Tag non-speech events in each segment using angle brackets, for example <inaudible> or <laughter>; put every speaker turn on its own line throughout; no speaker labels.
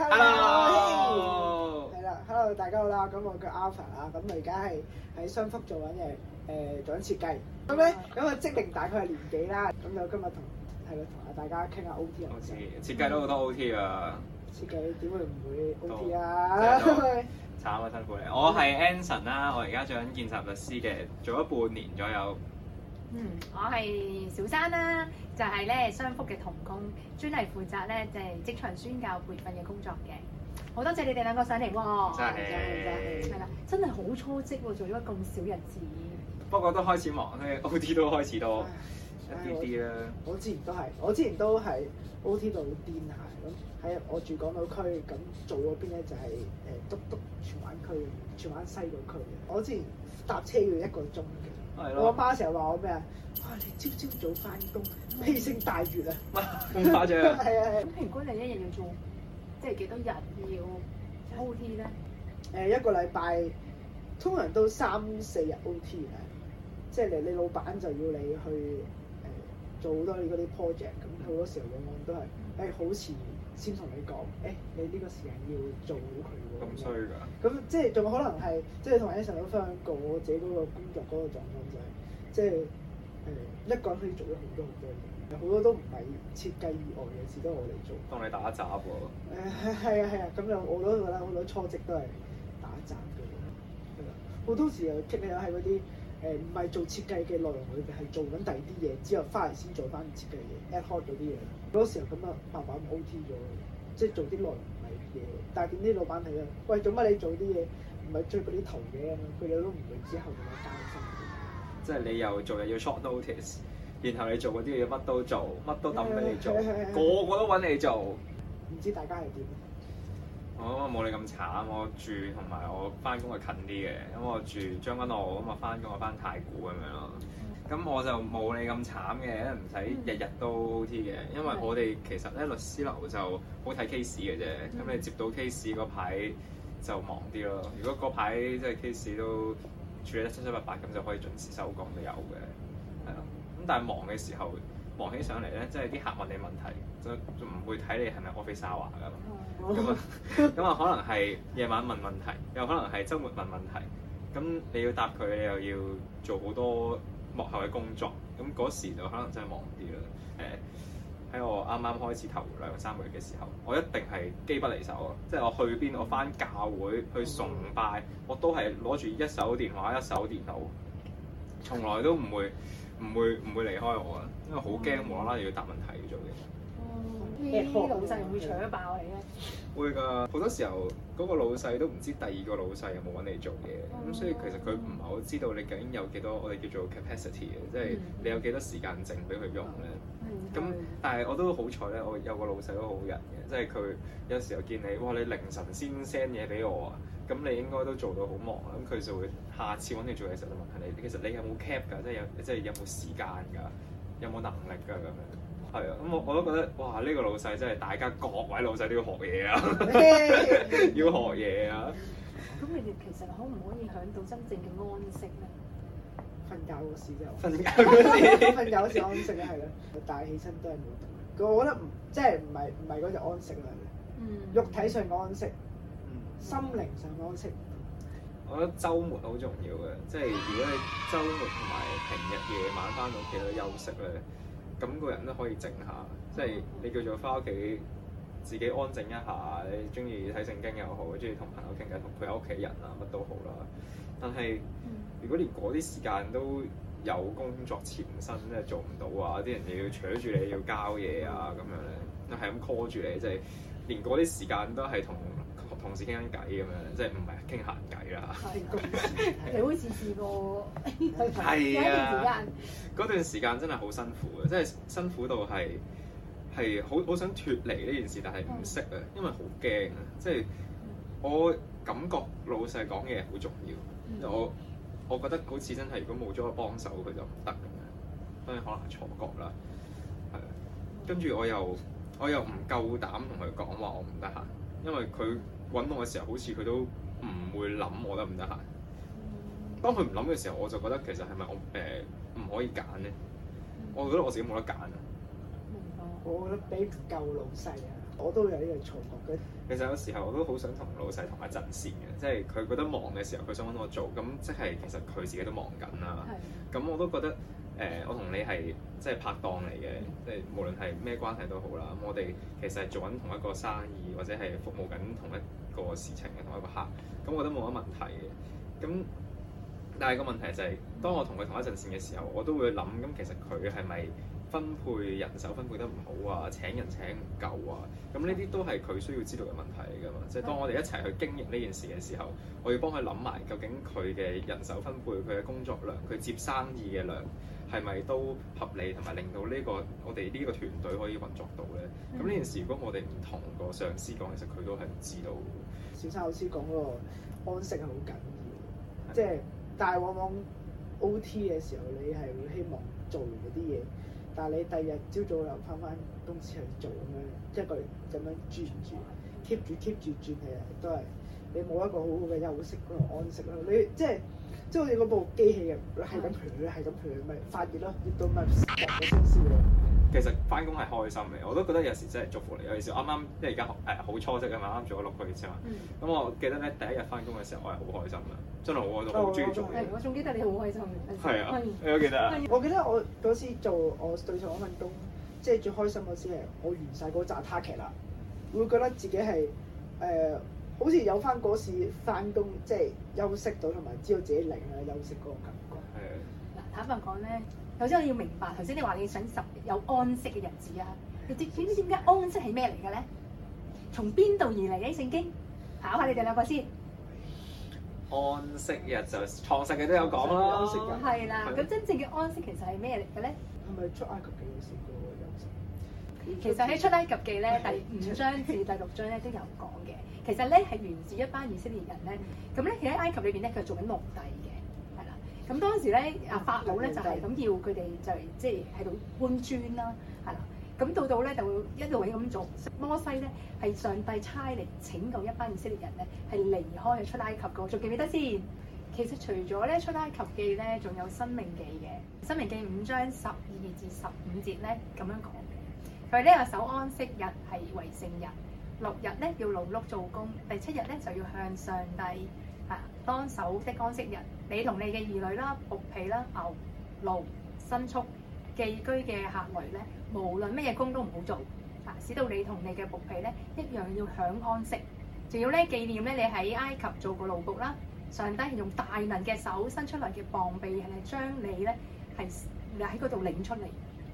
Hello，係啦，Hello，大家好啦。咁我叫 Alpha 啊，咁我而家係喺商福做緊嘢，誒做緊設計。咁咧，咁啊職齡大概係年幾啦，咁就今日同係啦，同啊大家傾下 OT 啊。設計設計都好多 OT
啊！
設計點會唔會 OT 啊？
慘啊，辛苦你。我係 Anson 啦，我而家做緊見習律師嘅，做咗半年左右。
嗯，我係小
山啦，就係、是、咧雙福嘅同工，專係負責咧即係職場宣教培訓嘅工作嘅。好多謝你哋兩個上嚟喎，真係，係啦，真係好初職，
做咗咁少日子。
不過都開始忙，跟住 OT 都開始到。啲啲啦，
我之前都係，我之前都係 O.T. 度，癲下咁，喺我住港島區，咁做嗰邊咧、就係，就係誒篤篤荃灣區荃灣西嗰區。我之前搭車要一個鐘嘅，我阿媽成日話我咩啊？哇、啊！你朝朝早翻工，披星戴月啊，咁 <laughs> 誇張。係啊，係
咁，平均你一日要做即係幾多日要
O.T. 咧？誒一個禮拜通常都三四日 O.T. 嘅，即係你你老闆就要你去。做好多嗰啲 project，咁好多時候往往都係誒好遲先同你講，誒、欸、你呢個時間要做好佢喎。
咁衰㗎！
咁即係仲有可能係即係同阿 Eason 都分享過我自己嗰個工作嗰個狀況，就是，就係即係誒、呃、一個人可以做咗好多好多嘢，有好多都唔係設計意外嘅事，都係我哋做。
當你打雜喎。誒
係啊係啊，咁又、啊啊、我都覺得好多初職都係打雜嘅，好、啊、多時候傾緊喺嗰啲。誒唔係做設計嘅內容裏邊係做緊第二啲嘢，之後翻嚟先做翻設計嘢，ad hoc 嗰啲嘢。嗰時候咁啊，慢慢咁 OT 咗，即係做啲內容唔係嘢，但係點知老闆係啊？喂，做乜你做啲嘢？唔係追嗰啲圖嘢啊樣，佢哋
都唔會之後
有交心。
即係你又做又要 short notice，然後你做嗰啲嘢乜都做，乜都揼俾你做，個個都揾你做，
唔知大家係點？
我冇、哦、你咁慘，我住同埋我返工係近啲嘅、嗯，因為我住將軍澳，咁我返工我返太古咁樣咯。咁我就冇你咁慘嘅，唔使日日都 O T 嘅。因為我哋其實咧律師樓就好睇 case 嘅啫，咁你接到 case 嗰排就忙啲咯。如果嗰排即係 case 都處理得七七八八，咁就可以準時收工都有嘅。係啊，咁但係忙嘅時候。忙起上嚟咧，即係啲客問你問題，就唔會睇你係咪 office hour 㗎。
咁
啊，咁啊，可能係夜晚問問題，又可能係周末問問題。咁你要答佢，你又要做好多幕後嘅工作。咁嗰時就可能真係忙啲啦。誒、欸，喺我啱啱開始頭兩三個月嘅時候，我一定係機不離手啊！即係我去邊，我返教會去崇拜，我都係攞住一手電話，一手電腦，從來都唔會，唔會唔會離開我啊！因為好驚、嗯、無啦啦又要答問題做，嗯哎、要做嘢。哦，其
實啲老
細會搶爆你嘅。會㗎，好多時候嗰，那個老細都唔知第二個老細有冇搵你做嘢，咁，嗯、所以其實佢唔係好知道你究竟有幾多我哋叫做 capacity 嘅，嗯，即係你有幾多時間剩俾佢用咧。咁但係我都好彩咧，我有個老細都好人嘅，即係佢有時候見你哇，你凌晨先 send 嘢俾我啊！咁你應該都做到好忙啦，咁佢就會下次揾你做嘢時候就問下你，其實你有冇 cap 㗎？即係有，即係有冇時間㗎？有冇能力㗎？咁樣。係啊，咁我我都覺得，哇！呢個老細真係大家各位老細都要學嘢啊， <laughs> 要學嘢啊。咁你 <laughs> 其實可唔可以享到真正嘅安息咧？瞓覺嗰時啫，瞓覺嗰時，瞓覺嗰時安息啊，係啦，但係起身都係冇動。我覺得即係唔係唔係嗰隻安
息啦。嗯。
肉
體上嘅安息。心靈
上安息。我覺得週末好重要嘅，即係如果你週末同埋平日夜晚翻到屋企都休息咧，咁個人都可以靜下。即係你叫做翻屋企自己安靜一下，你中意睇聖經又好，中意同朋友傾偈，同陪下屋企人啊，乜都好啦。但係如果連嗰啲時間都有工作纏身，即係做唔到啊！啲人又要扯住你要交嘢啊，咁樣咧，又係咁 call 住你，即係連嗰啲時間都係同。同事傾緊偈咁樣，即係唔係傾閒偈啦。啊、 <laughs> 你
好似試過係 <laughs> 啊
嗰 <laughs> 段時間，真係好辛苦呀，即係辛苦到係係好好想脫離呢件事，但係唔識啊，因為好驚啊！即係、嗯、我感覺老細講嘢好重要，嗯、我我覺得好似真係如果冇咗個幫手，佢就唔得咁樣。當然可能錯覺啦，係。跟住我又我又唔夠膽同佢講話，我唔得閒，因為佢。揾我嘅時候，好似佢都唔會諗我得唔得閒。當佢唔諗嘅時候，我就覺得其實係咪我誒唔、呃、可以揀呢？我覺得我自己冇得揀啊。我覺得俾唔夠老細啊，我都有呢
個錯
覺。其實有時候我都好想同老細同一陣線嘅，即係佢覺得忙嘅時候，佢想搵我做，咁即係其實佢自己都忙緊啦、啊。咁的我都覺得。誒、呃，我同你係即係拍檔嚟嘅，即係無論係咩關係都好啦。咁我哋其實係做緊同一個生意，或者係服務緊同一個事情嘅同一個客。咁我覺得冇乜問題嘅。咁，但係個問題就係、是，當我同佢同一陣線嘅時候，我都會諗，咁其實佢係咪？分配人手分配得唔好啊，請人請唔夠啊，咁呢啲都係佢需要知道嘅問題嚟噶嘛。即係當我哋一齊去經營呢件事嘅時候，我要幫佢諗埋究竟佢嘅人手分配、佢嘅工作量、佢接生意嘅量係咪都合理，同埋令到呢、呢個，我哋呢個團隊可以運作到咧。咁呢、嗯、件事如果我哋唔同個上司講，其實佢都係唔知道。小
生老師講嗰個安息係好緊要，即係但係往往 O T 嘅時候，你係會希望做完嗰啲嘢。但係你第二日朝早又翻翻公司去做咁樣，即係佢咁樣轉住，keep 住 keep 住轉係都係你冇一個好好嘅休息安息咯。你即係即係好似嗰部機器人，係咁佢，係咁佢，咪發熱咯，熱到咪爆咗先燒咯。
其實翻工係開心嘅，我都覺得有時真係祝福你。尤其是啱啱即係而家誒好初職啊嘛，啱啱做咗六個月啫嘛。咁、嗯嗯、我記得咧第一日翻工嘅時候，我係好開心嘅，真係我就好中意做、
哦、我仲記得你好開心嘅。係啊，啊，啊，你記得是啊？我記得我嗰次做我對上份工，即、就、係、是、最開心嗰次係我完晒嗰紮 task 啦，會覺得自己係誒、呃、好似有翻嗰時翻工即係休息到同埋知道自己嚟啊休息嗰個感覺。係是啊。嗱、嗯、坦
白講咧。首先我要明白，頭先你話你想十有安息嘅日子啊？你點知點解安息係咩嚟嘅咧？從邊度而嚟嘅？聖經考下你哋兩個先。安
息日就創世記都有講
啦，係啦。咁真正嘅安息其實係咩嚟嘅咧？係咪出埃及記
先嘅安息？其實喺出埃
及記咧第五章至第六章咧都有講嘅。其實咧係源自一班以色列人咧，咁咧佢喺埃及裏邊咧佢做緊奴隸。咁當時咧，啊法老咧、嗯、就係咁要佢哋就係即係喺度搬磚啦，係啦、嗯。咁吧到到咧就會一路咁做。摩西咧係上帝差嚟拯救一班以色列人咧，係離開出埃及嘅。仲記唔記得先？其實除咗咧出埃及記咧，仲有申命記嘅。申命記五章十二至十五節咧咁樣講，佢呢個守安息日係為聖日，六日咧要勞碌做工，第七日咧就要向上帝。當守的安息日，你同你嘅兒女啦、僕婢啦、牛、驢、牲畜、寄居嘅客旅咧，無論乜嘢工都唔好做啊，使到你同你嘅僕婢咧一樣要享安息，仲要咧紀念咧你喺埃及做過奴僕啦。上帝係用大能嘅手伸出嚟嘅膀臂係將你咧係你喺嗰度領出嚟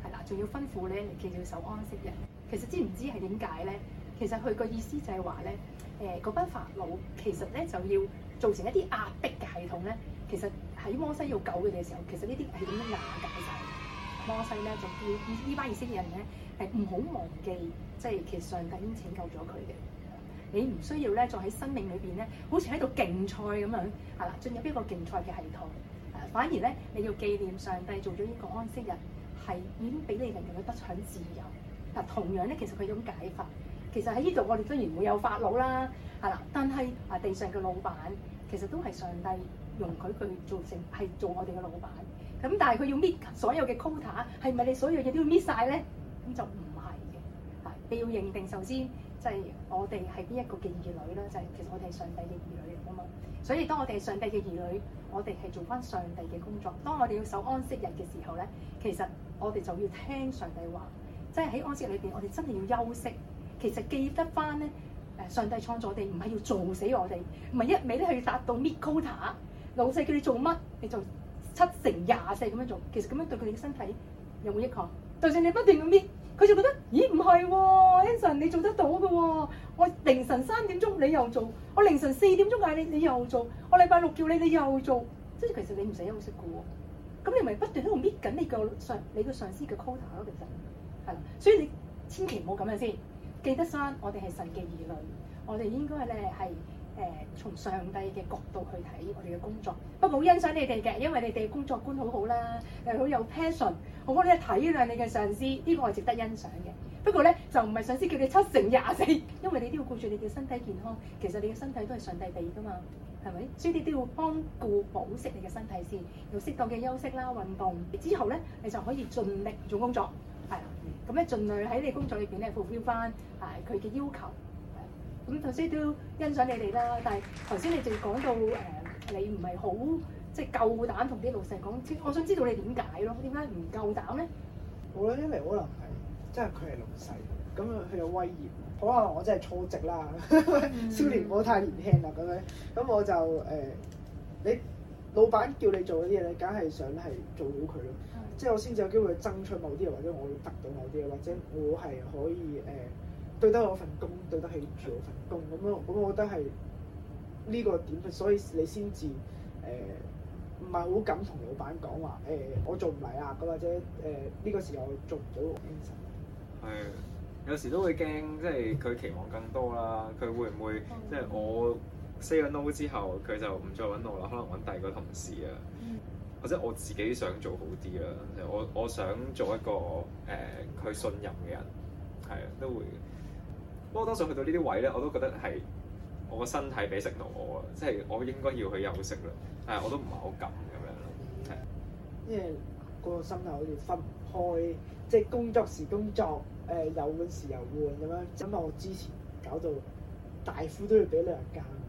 係啦，仲要吩咐咧嚟叫你守安息日。其實知唔知係點解咧？其實佢個意思就係話咧，誒嗰班法老其實咧就要。造成一啲壓迫嘅系統咧，其實喺摩西要救佢哋嘅時候，其實呢啲係點樣瓦解晒？摩西咧就叫呢班以色列人咧係唔好忘記，即係其實上帝已經拯救咗佢嘅。你唔需要咧再喺生命裏邊咧，好似喺度競賽咁樣，係啦，進入一個競賽嘅系統。反而咧你要紀念上帝做咗呢個安息日，係已經俾你人哋去得享自由。嗱，同樣咧其實佢一種解法。其實喺呢度我哋雖然沒有法老啦。係啦，但係啊，地上嘅老闆其實都係上帝容許佢做成係做我哋嘅老闆，咁但係佢要搣所有嘅 quota，係咪你所有嘢都要搣晒咧？咁就唔係嘅。啊，你要認定首先，即係我哋係邊一個嘅兒女咧？就係其實我哋係上帝嘅兒女嚟噶嘛。所以當我哋係上帝嘅兒女，我哋係做翻上帝嘅工作。當我哋要守安息日嘅時候咧，其實我哋就要聽上帝話，即係喺安息日裏邊，我哋真係要休息。其實記得翻咧。誒，上帝創造我哋，唔係要做死我哋，唔係一味咧係要達到搣 quota。老細叫你做乜，你做七成廿四咁樣做，其實咁樣對佢哋嘅身體有冇益項？就算你不斷咁搣，佢就覺得，咦唔係喎，Hanson、哦、你做得到嘅喎、哦。我凌晨三點鐘你又做，我凌晨四點鐘嗌你你又做，我禮拜六叫你你又做，即係其實你唔使休息嘅喎。咁你咪不斷喺度搣緊你個上你個上司嘅 quota 咯。其實係啦，所以你千祈唔好咁樣先。記得翻，我哋係神嘅兒女，我哋應該咧係誒從上帝嘅角度去睇我哋嘅工作。不過好欣賞你哋嘅，因為你哋嘅工作觀好好啦，又好有 passion 好，e 好可以體諒你嘅上司，呢、呢個係值得欣賞嘅。不過咧就唔係上司叫你七成廿四，因為你都要顧住你嘅身體健康。其實你嘅身體都係上帝俾噶嘛，係咪？所以你都要幫顧保釋你嘅身體先，要適當嘅休息啦、運動。之後咧你就可以盡力做工作，係。咩咧，盡量喺你工作裏邊咧，fulfil 翻啊佢嘅要求。咁頭先都欣賞你哋啦，但係頭先你仲講到誒、呃，你唔係好即係夠膽同啲老細講，我想知道你點解咯？點解唔夠膽咧？
我諗，因為可能係即係佢係老細，咁佢有威嚴，可能我真係初職啦，呵呵 mm. 少年，我太年輕啦咁樣，咁我就誒、呃、你。老闆叫你做嗰啲嘢，你梗係想係做到佢咯，嗯、即係我先至有機會爭取某啲嘢，或者我會得到某啲嘢，或者我係可以誒對得我份工，對得起住我份工咁樣。咁我，我覺得係呢個點，所以你先至誒唔係好敢同老闆講話誒，我做唔嚟啊或者誒呢個時候做唔
到。係、嗯， <laughs> 有時都會驚，即係佢期望更多啦。佢會唔會、嗯、即係我？say 個 no 之後，佢就唔再揾我啦。可能揾第二個同事啊，嗯、或者我自己想做好啲啦。我我想做一個誒佢、呃、信任嘅人，係啊，都會。不過多數去到呢啲位咧，我都覺得係我個身體俾食到我啊，即係我應該要去休息啦。但係，我都唔係好敢咁樣。係，因
為個心啊，好似分唔開，即、就、係、是、工作時工作，誒、呃，有換時有換咁樣。因為我之前搞到大夫都要俾兩人間。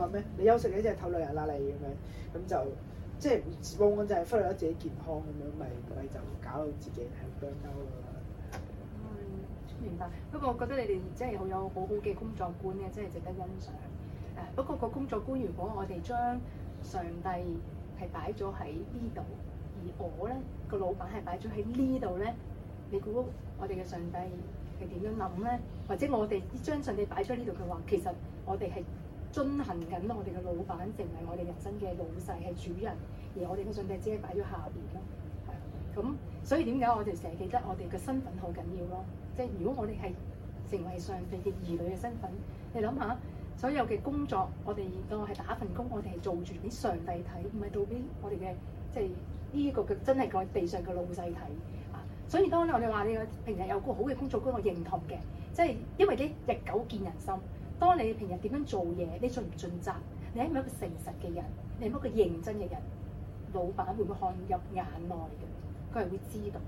話咩？你休息咧，即係偷懶人啦，你咁樣咁就即係往往就係忽略咗自己健康咁樣，咪咪就搞到自己係僵鳩啦。
嗯，明白。不過我覺得你哋真係好有好好嘅工作觀咧，真係值得欣賞。誒、啊，不過個工作觀，如果我哋將上帝係擺咗喺呢度，而我咧個老闆係擺咗喺呢度咧，你估我哋嘅上帝係點樣諗咧？或者我哋將上帝擺咗呢度嘅話，其實我哋係。進行緊我哋嘅老闆成為我哋人生嘅老細，係主人，而我哋嘅上帝只係擺咗下邊咯，係啊，咁所以點解我哋成日記得我哋嘅身份好緊要咯？即係如果我哋係成為上帝嘅兒女嘅身份，你諗下所有嘅工作，我哋當我係打份工，我哋係做住俾上帝睇，唔係到俾我哋嘅即係呢一個嘅、這個這個、真係個地上嘅老細睇啊！所以當我哋話你平日有個好嘅工作觀，我認同嘅，即係因為啲日久見人心。當你平日點樣做嘢，你盡唔盡責，你係咪一個誠實嘅人，你係咪一個認真嘅人，老闆會唔會看入眼內嘅？佢係會知道。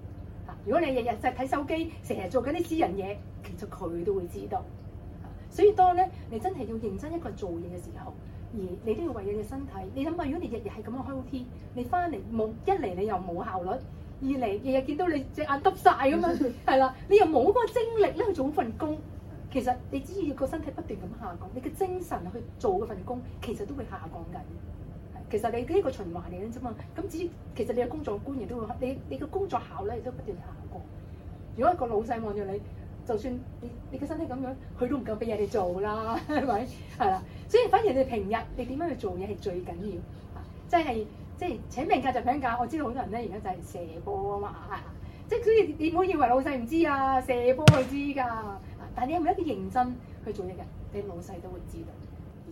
嚇、啊，如果你日日就係睇手機，成日做緊啲私人嘢，其實佢都會知道。啊、所以當咧，你真係要認真一個做嘢嘅時候，而你都要為你嘅身體，你諗下，如果你日日係咁樣開 O T，你翻嚟冇一嚟，你，你又冇效率；二嚟，日日見到你隻眼耷晒咁樣，係啦， <laughs> 你又冇嗰個精力咧去做份工。其實你只要個身體不斷咁下降，你嘅精神去做嗰份工，其實都會下降緊。其實你呢個循環嚟嘅啫嘛。咁至於其實你嘅工作觀亦都會，你你嘅工作效率亦都不斷地下降。如果一個老細望住你，就算你你嘅身體咁樣，佢都唔夠俾人哋做啦，係咪？係啦，所以反而你平日你點樣去做嘢係最緊要。即係即係請病假就請假。我知道好多人咧而家就係射波啊嘛，即係所以你唔好以為老細唔知啊，射波佢知㗎。但你有冇一啲認真去做嘢嘅？你老細都會知道。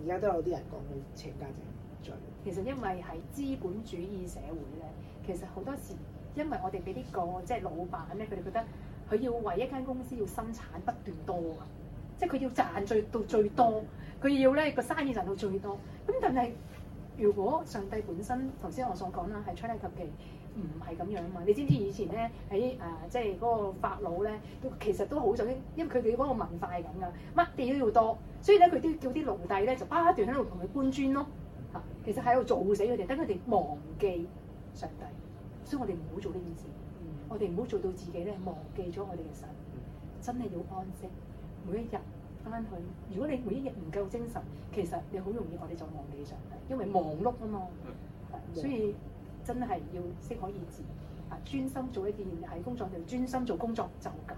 而家都有啲人講去請家姐在。其實因為係資本主義社會咧，其實好多時因為我哋俾啲個即係老闆咧，佢哋覺得佢要為一間公司要生產不斷多啊，即係佢要賺最到最多，佢要咧個生意賺到最多。咁但係如果上帝本身頭先我所講啦，係出嚟求其。唔係咁樣嘛？你知唔知以前咧喺誒，即係嗰個法老咧，都其實都好想，因為佢哋嗰個文化係咁噶，乜嘢都要多，所以咧佢都叫啲奴隸咧就不斷喺度同佢搬磚咯。嚇、啊，其實喺度做死佢哋，等佢哋忘記上帝。所以我哋唔好做呢件事，嗯、我哋唔好做到自己咧忘記咗我哋嘅神。真係要安息，每一日翻去。如果你每一日唔夠精神，其實你好容易我哋就忘記上帝，因為忙碌啊嘛。嗯、所以。真係要適可而止啊！專心做一件，喺工作度專心做工作就夠。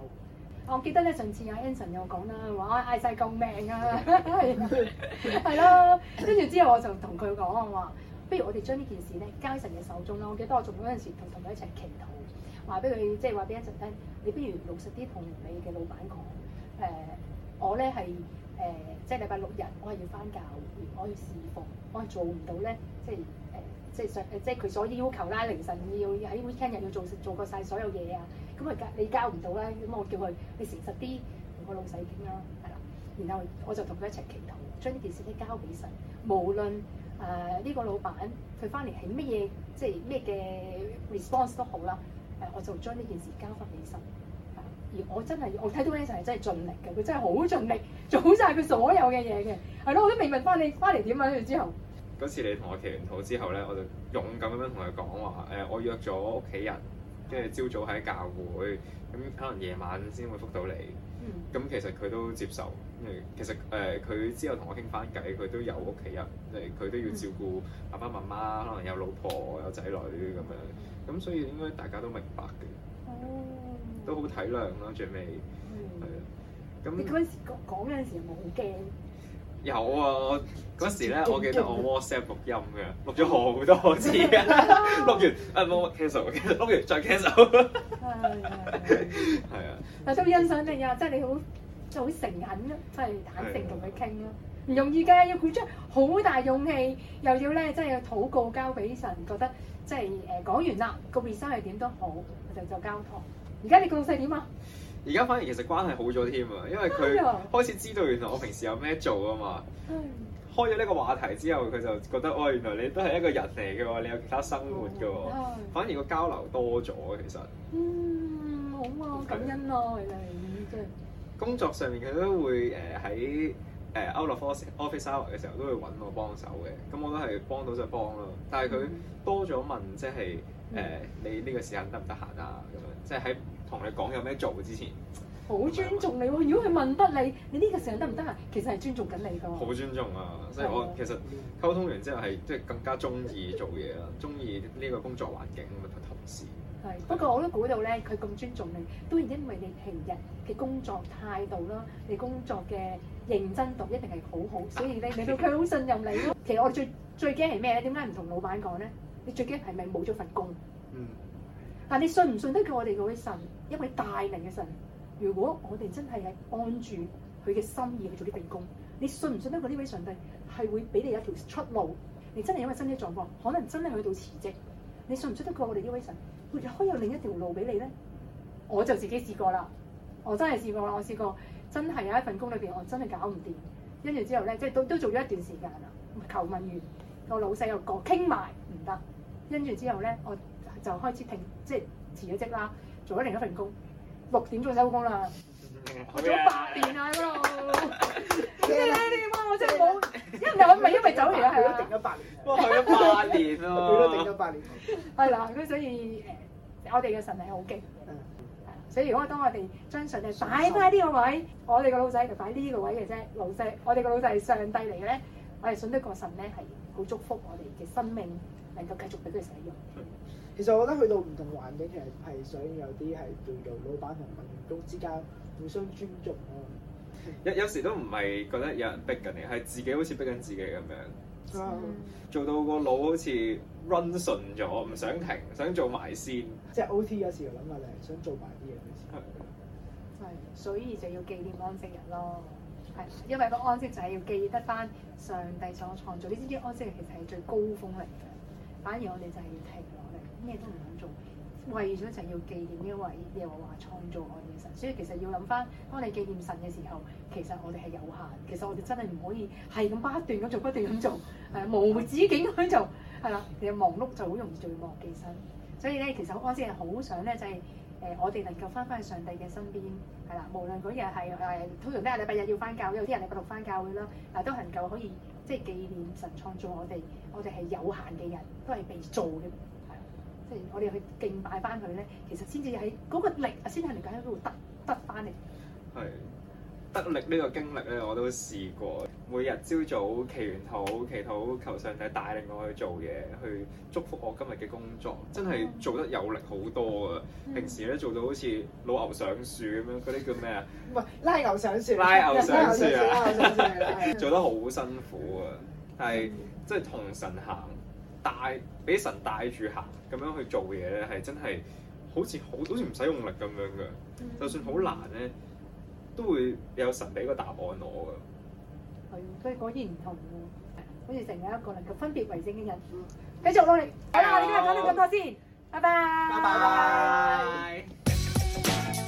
我記得咧，上次阿 Anson 又講啦，話嗌晒救命啊，係係咯。跟住 <laughs> 之後，我就同佢講，我話：不如我哋將呢件事咧交喺神嘅手中啦。我記得我做嗰陣時，同同佢一齊祈禱，話俾佢，即係話俾 Anson 聽，你不如老實啲同你嘅老闆講。誒、呃，我咧係誒，即係禮拜六日，我係要返教，我要侍奉，我係做唔到咧，即係即係誒，即係佢所要求啦。凌晨要喺 weekend 又要做做過曬所有嘢啊。咁啊，你交唔到啦。咁我叫佢，你誠實啲，同個老細傾啦，係啦。然後我就同佢一齊祈禱，將呢件事呢交俾神。無論誒呢個老闆佢翻嚟係乜嘢，即係咩嘅 response 都好啦。誒、呃，我就將呢件事交翻俾神、呃。而我真係我睇到 Vincent 真係盡力嘅，佢真係好盡力做好晒佢所有嘅嘢嘅。係咯，我都未問翻你翻嚟點啊？跟住之後。
嗰次你同我祈完禱之後咧，我就勇敢咁樣同佢講話，誒、呃，我約咗屋企人，跟住朝早喺教會，咁可能夜晚先會覆到你。咁、嗯、其實佢都接受，因為其實誒佢、呃、之後同我傾翻偈，佢都有屋企人，誒、就、佢、是、都要照顧爸爸媽媽，嗯、可能有老婆有仔女咁樣，咁所以應該大家都明白嘅，哦、都好體諒啦，最尾。咁、嗯、你嗰陣
時講嗰陣時我好驚。
有啊，嗰時咧我記得我 WhatsApp 錄音嘅，錄咗好多次，嗯、 <laughs> 錄完啊冇 cancel，錄完再 cancel。係啊，係啊。
好、啊 <laughs> 啊、欣賞你，你定啊，即係你好，即係好誠懇，即係坦誠同佢傾咯，唔容易嘅，要佢出好大勇氣，又要咧即係要禱告交俾神，覺得即係誒講完啦，個 result 係點都好，我哋就交託。而家你個老細點啊？
而家反而其實關係好咗添啊，因為佢開始知道原來我平時有咩做啊嘛。的開咗呢個話題之後，佢就覺得哦，原來你都係一個人嚟嘅喎，你有其他生活嘅喎。的反而個交流多咗，其實。嗯，
好
啊，嗯、感恩咯、啊，的其實。工作上面佢都會誒喺誒 out of office hour 嘅時候都會揾我幫手嘅，咁我都係幫到就幫咯。的但係佢多咗問即係誒你呢個時間得唔得閒啊？咁樣即係喺，就是同你講有咩做之前，
好尊重你喎、哦。如果佢問得你，嗯、你呢個時間得唔得啊？其實係尊重緊你㗎。好尊
重啊，的所以我其實溝通完之後係即係更加中意做嘢啦，中意呢個工作環境同同事。
係的，不過的我都估到咧，佢咁尊重你，都係因為你平日嘅工作態度啦，你工作嘅認真度一定係好好，所以令令到佢好信任你咯。 <laughs> 其實我哋最最驚係咩？點解唔同老闆講咧？你最驚係咪冇咗份工？但你信唔信得過我哋嗰位神？一位大能嘅神，如果我哋真係係按住佢嘅心意去做啲奉工，你信唔信得過呢位上帝係會俾你一條出路？你真係因為身體狀況，可能真係去到辭職？你信唔信得過我哋呢位神？會唔會可以有另一條路俾你咧？我就自己試過啦，我真係試過啦，我試過，真係有一份工裏邊，我真係搞唔掂。跟住之後咧，即係都都做咗一段時間啦，求問完個老細又過傾埋唔得。跟住之後咧，我。就開始停，即係辭咗職啦，做咗另一份工，六點鐘收工啦。
我做八
年啊喺嗰度，你你你，哇！我真係冇，因為我唔係因為走
而係啊，我定咗八年，哇，係
咗八年啊嘛，佢都定咗八年。係啦，咁所以誒，我哋嘅神係好勁，嗯，係啦。所以如果當我哋將神係擺翻呢個位，我哋個老細就擺呢個位嘅啫。老細，我哋個老細係上帝嚟嘅咧，我哋信得過神咧，係好祝福我哋嘅生命，能夠繼續俾佢
使用。其實我覺得去到唔同環境，其實係想有啲係叫做老闆同埋員工之間互相尊重咯。有
有時都唔係覺得有人逼緊你，係自己好似逼緊自己咁樣。做到個腦好似 run 順咗，唔想停，想做埋先。
即係 O T 有時諗下，你想做埋啲嘢嘅時候。係，
所以就要紀念安息日咯。係，因為個安息就係要記得返上帝所創造。呢啲安息日其實係最高峰嚟嘅，反而我哋就係要停。咩都唔想做，為咗就要紀念呢位又話創造我哋嘅神，所以其實要諗翻當你紀念神嘅時候，其實我哋係有限。其實我哋真係唔可以係咁不斷咁做，不斷咁做，係無止境咁做，係啦。你係忙碌就好容易就會忘記神。所以咧，其實我剛先好想咧，就係誒，我哋能夠翻返去上帝嘅身邊，係啦，無論嗰日係誒，通常咧禮拜日要翻教會，有啲人禮拜六翻教會啦，但係都能夠可以即係紀念神創造我哋。我哋係有限嘅人，都係被造嘅，即我哋去敬拜翻佢咧，其實先至喺嗰個
力啊，先係能夠喺度得得翻嚟。係得力呢個經歷咧，我都試過。每日朝早祈完禱，祈禱求，求上帝帶領我去做嘢，去祝福我今日嘅工作，真係做得有力好多啊！嗯、平時咧做到好似老牛上樹咁樣，嗰啲叫咩啊？唔係
<laughs> 拉牛上樹，拉牛上樹啊！
做得好辛苦啊，嗯、但係即係同神行。帶俾神帶住行咁樣去做嘢咧，係真係好似好好似唔使用力咁樣嘅。嗯、就算好難咧，都會有神俾個答案我㗎。係，所以果然唔
同喎。好似成為一個能夠分別為聖嘅人。繼續努力，好啦，我哋今日講到咁多先，拜拜。拜拜。拜拜拜
拜。